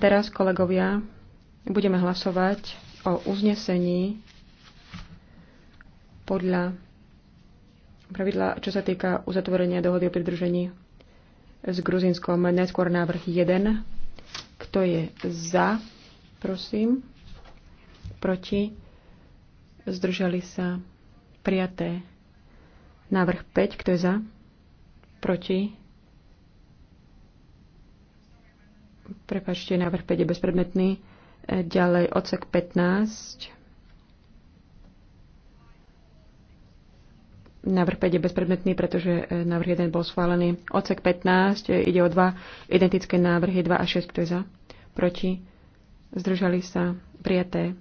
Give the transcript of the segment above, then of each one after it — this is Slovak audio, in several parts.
Teraz, kolegovia, budeme hlasovať o uznesení podľa pravidla, čo sa týka uzatvorenia dohody o pridružení s Gruzinskom. Najskôr návrh 1. Kto je za, prosím, proti, zdržali sa prijaté. Návrh 5. Kto je za, proti, Prepačte, návrh 5 je bezpredmetný. E, ďalej odsek 15. Návrh 5 je bezpredmetný, pretože e, návrh 1 bol schválený. Odsek 15 e, ide o dva identické návrhy 2 a 6. Kto je za? Proti? Zdržali sa? Prijaté?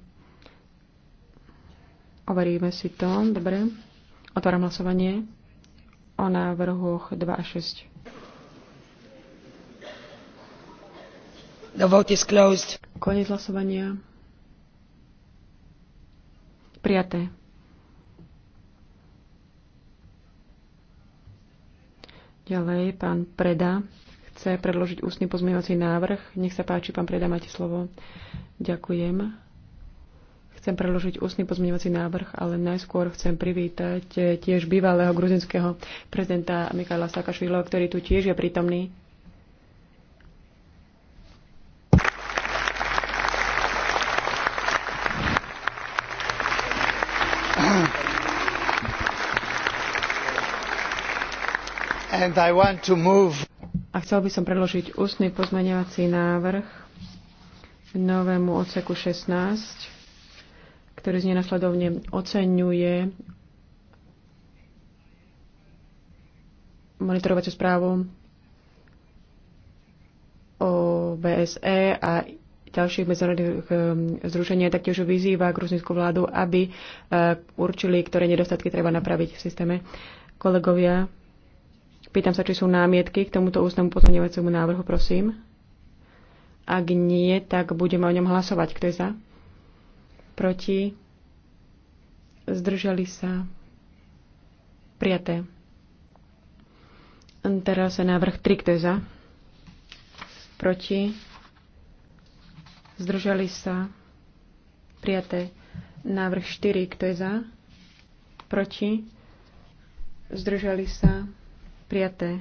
Overíme si to. Dobre. Otváram hlasovanie o návrhoch 2 a 6. The vote is closed. Koniec hlasovania. Prijaté. Ďalej pán Preda chce predložiť ústny pozmeňovací návrh. Nech sa páči, pán Preda, máte slovo. Ďakujem. Chcem predložiť ústny pozmeňovací návrh, ale najskôr chcem privítať tiež bývalého gruzinského prezidenta Mikála Sakašvilo, ktorý tu tiež je prítomný. A chcel by som predložiť ústny pozmeňovací návrh k novému odseku 16, ktorý znie nasledovne oceňuje monitorovaciu správu o BSE a ďalších medzinárodných eh, združení a taktiež vyzýva gruzinskú vládu, aby eh, určili, ktoré nedostatky treba napraviť v systéme. Kolegovia, Pýtam sa, či sú námietky k tomuto ústnemu pozmeňovaciemu návrhu, prosím. Ak nie, tak budeme o ňom hlasovať. Kto je za? Proti? Zdržali sa? Prijaté. Teraz návrh 3. Kto je za? Proti? Zdržali sa? Prijaté. Návrh 4. Kto je za? Proti? Zdržali sa? Prijaté.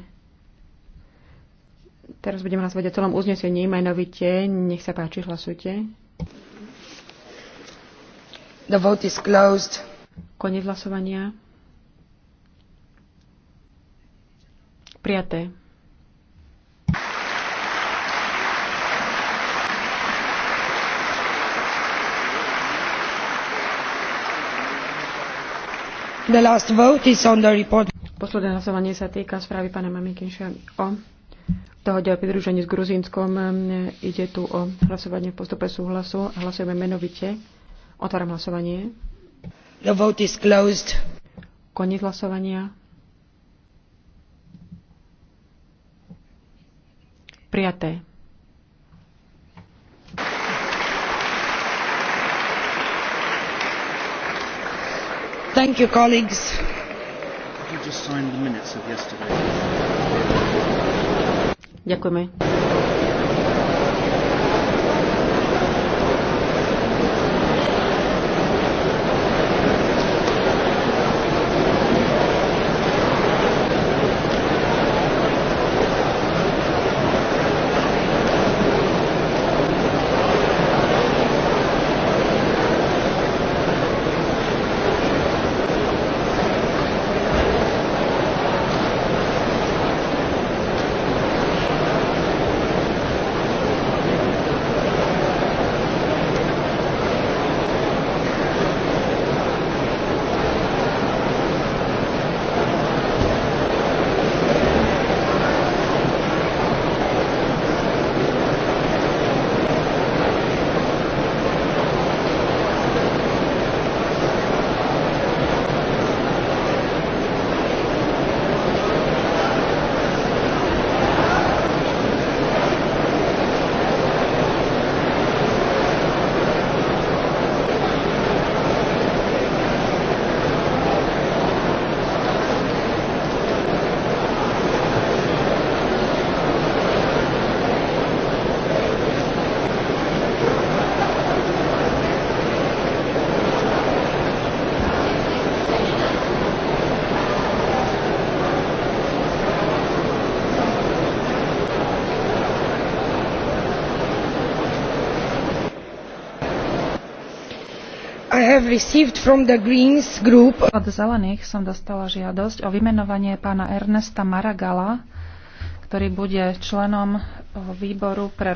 Teraz budeme hlasovať o celom uznesení menovite. Nech sa páči, hlasujte. The vote is closed. Konec hlasovania. Prijaté. The last vote is on the report. Posledné hlasovanie sa týka správy pána Mamikinša o dohode o pridružení s Gruzínskom. Ide tu o hlasovanie v postupe súhlasu. Hlasujeme menovite. Otváram hlasovanie. The vote is closed. Koniec hlasovania. Prijaté. Thank you, colleagues you just sign the minutes of yesterday? Ďakujeme. have received from the Greens group. Od zelených som dostala žiadosť o vymenovanie pána Ernesta Maragala, ktorý bude členom eh, výboru pre